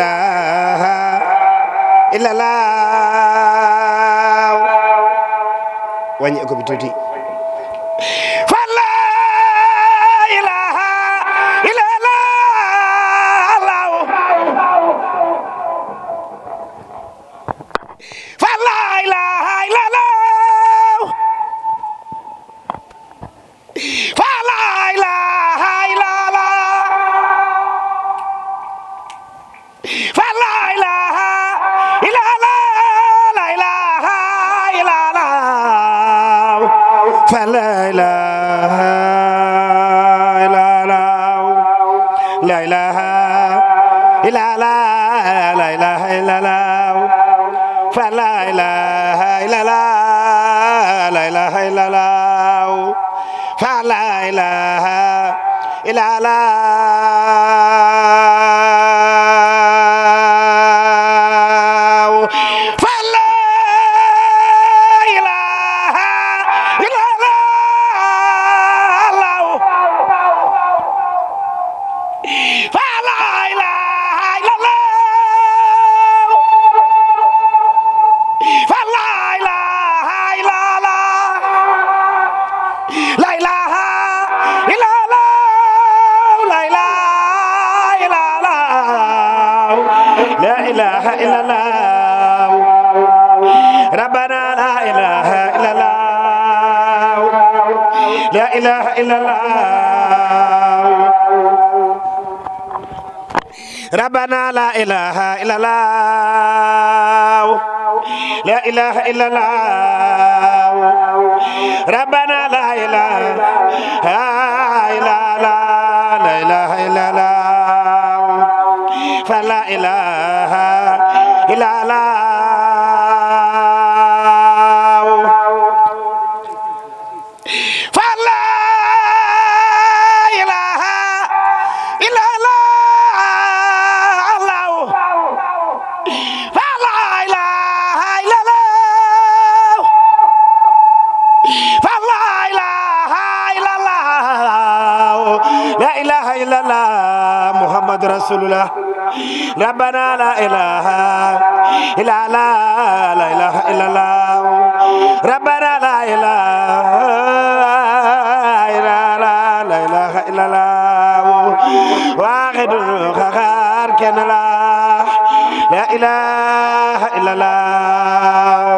إله إلا الله وأن يكون la ilaha illallah fa la ilaha illallah la ilaha illallah fa la ilaha illallah Fala, Ayla! لا إله إلا الله ربنا لا إله إلا الله لا إله إلا الله ربنا لا إله إلا الله لا إله إلا الله فلا إله إلا الله لا إله إلا الله محمد رسول الله ربنا لا إله إلا الله لا إله إلا الله ربنا لا إله إلا الله لا إله إلا الله واحد غار كان لا لا إله إلا الله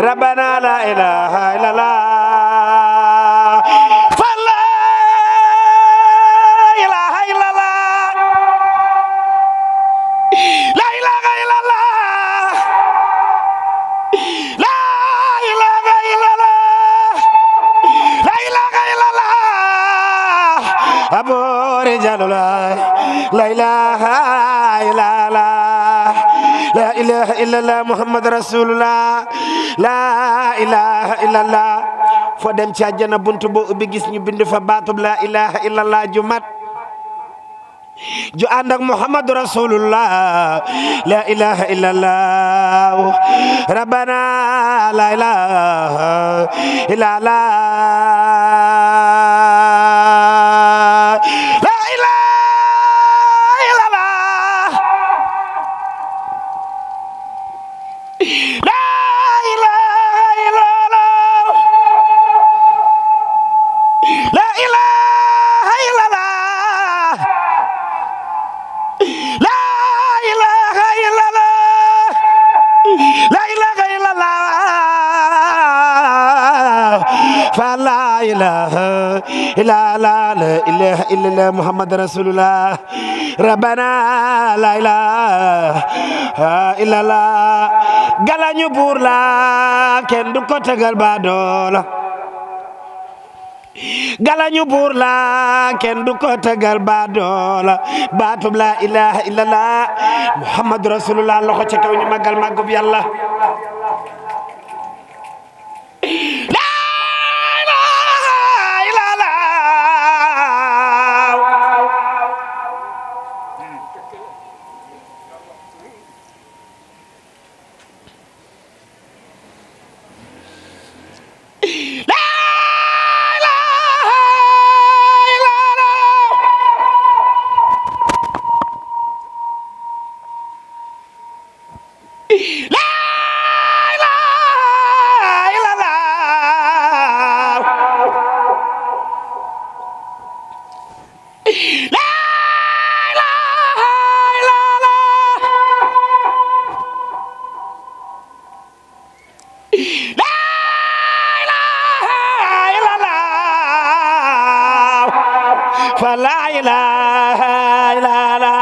ربنا لا إله إلا الله ilaha illallah muhammad rasulullah la ilaha illallah foo dem buntu boo ubbi gis ñu bind fa baatub la ilaha illallah ju mat ju ànd muhammad rasulullah la ilaha illallah rabbana la ilaha illallah فلا إله إلا لا لا إله إلا الله محمد رسول الله ربنا لا إله buur la kenn du ko tegal ba doola buur la kenn du ko tegal ba doola baatub la ilaha illallah muhammad rasulullah loxo ca kaw ñu magal màggub yàlla فلا إله إلا الله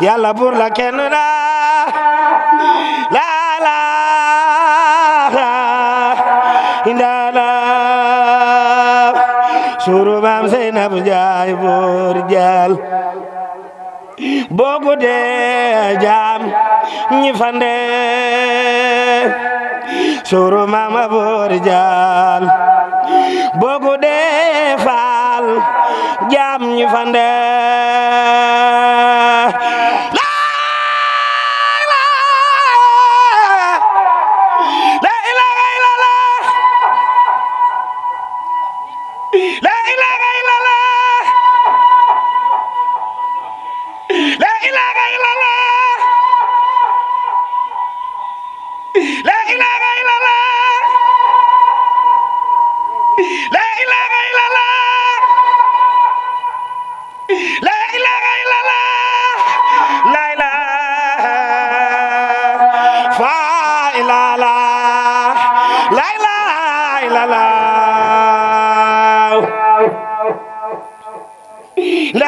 yàlla buur la kenn daa la la la indala suuru maam Seynab Njaay buur jaal boo guddee jaam ñi suuru maam buur jaal boo guddee faal jaam ñi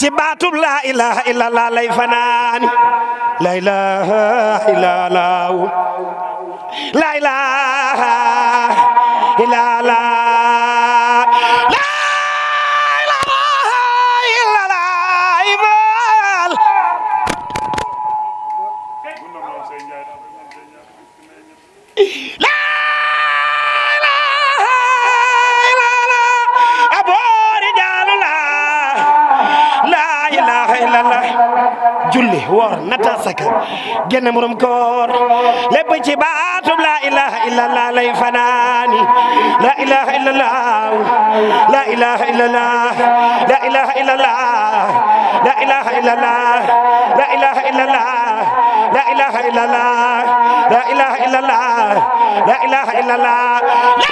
ci baatub laa ilaha illallah lay fanaani laa ilaha illallah laa ilaha illallah génn murum koor lépp ci baatub la ilaha illallah lay fanaani la ilaha illallah la ilaha illallah la ilaha illallah la ilaha illallah la ilaha illallah la ilaha illallah la ilaha illallah la ilaha illallah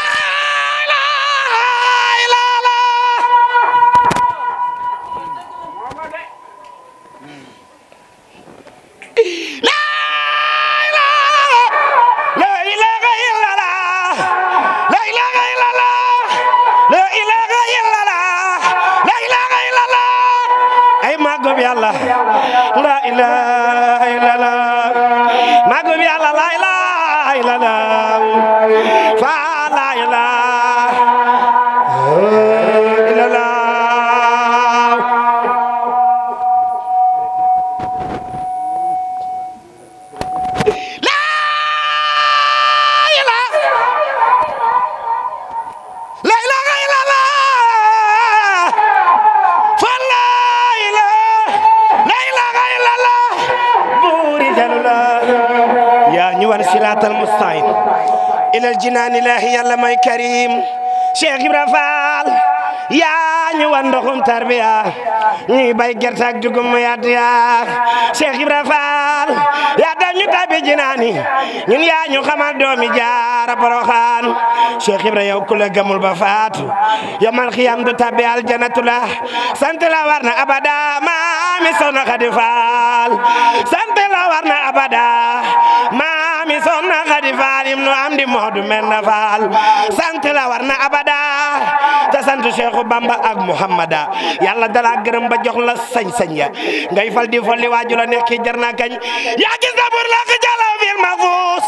La ilaha illallah magum yàlla la ilaha ilal jinaani laahi yàlla may karim Cheikh Ibra Fall yaa ñu wan tarbiya ñuy bay gerte ak dugub mu yàdd yaa Cheikh Ibra yaa def ñu tabbi jinaani ñun yaa ñu xamal doomi jaara boroxaan Cheikh Ibra yow ku la gëmul ba faatu yomal xiyam du tabbi aljanatu la sant la war na abada maami soxna Xadi Fall sant la war abada ibnu amdi moodu men na faal sant la war abada te sant Cheikhu Bamba ak Muhammada yàlla dala gërëm ba jox sañ-sañ ya ngay fal di folli waaju la neex ki kañ yaa gis na bur la fi jàlla fuus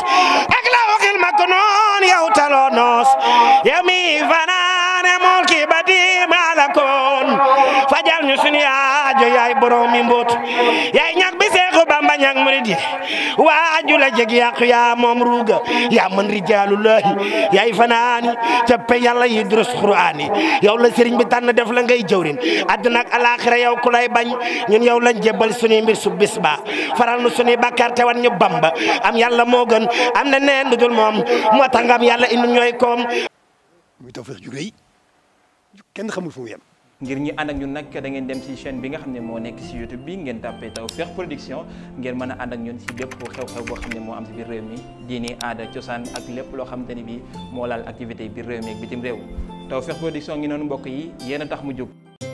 ak la waxil ma ko noon yow taloo noos yow mi fanaane mool ki ba di maala ko ñu suñu aajo yaay borom mi mbóot yaay ñak bi seexu bamba ñak murid yi waaju la jeg yàqu yaa moom ruuga yaa mën rijaalullahi yaay fanaani cappe yàlla yi durus qur'aani yow la sëriñ bi tànn def la ngay jëwrin àdduna ak alaaxira yow ku lay bañ ñun yow lañ jébbal suñuy mbir su bis ba faral nu suñuy bàkkaar te wan ñu bamba am yàlla moo gën am na neen lu dul moom moo tax nga am yàlla indi ngir ñi ànd ak ñun nag da dem ci chaîne bi nga xam ne moo nekk si YouTube bi ngeen tàppee Tawfekh Production ngeen mën a ànd ak ñun si bépp xew-xew boo xam ne moo am si biir réew mi diini aada cosaan ak lépp loo xamante ni bi moo laal activité biir réew mi ak bitim réew Tawfekh Production ngi noonu mbokk yi yéen a tax mu jóg.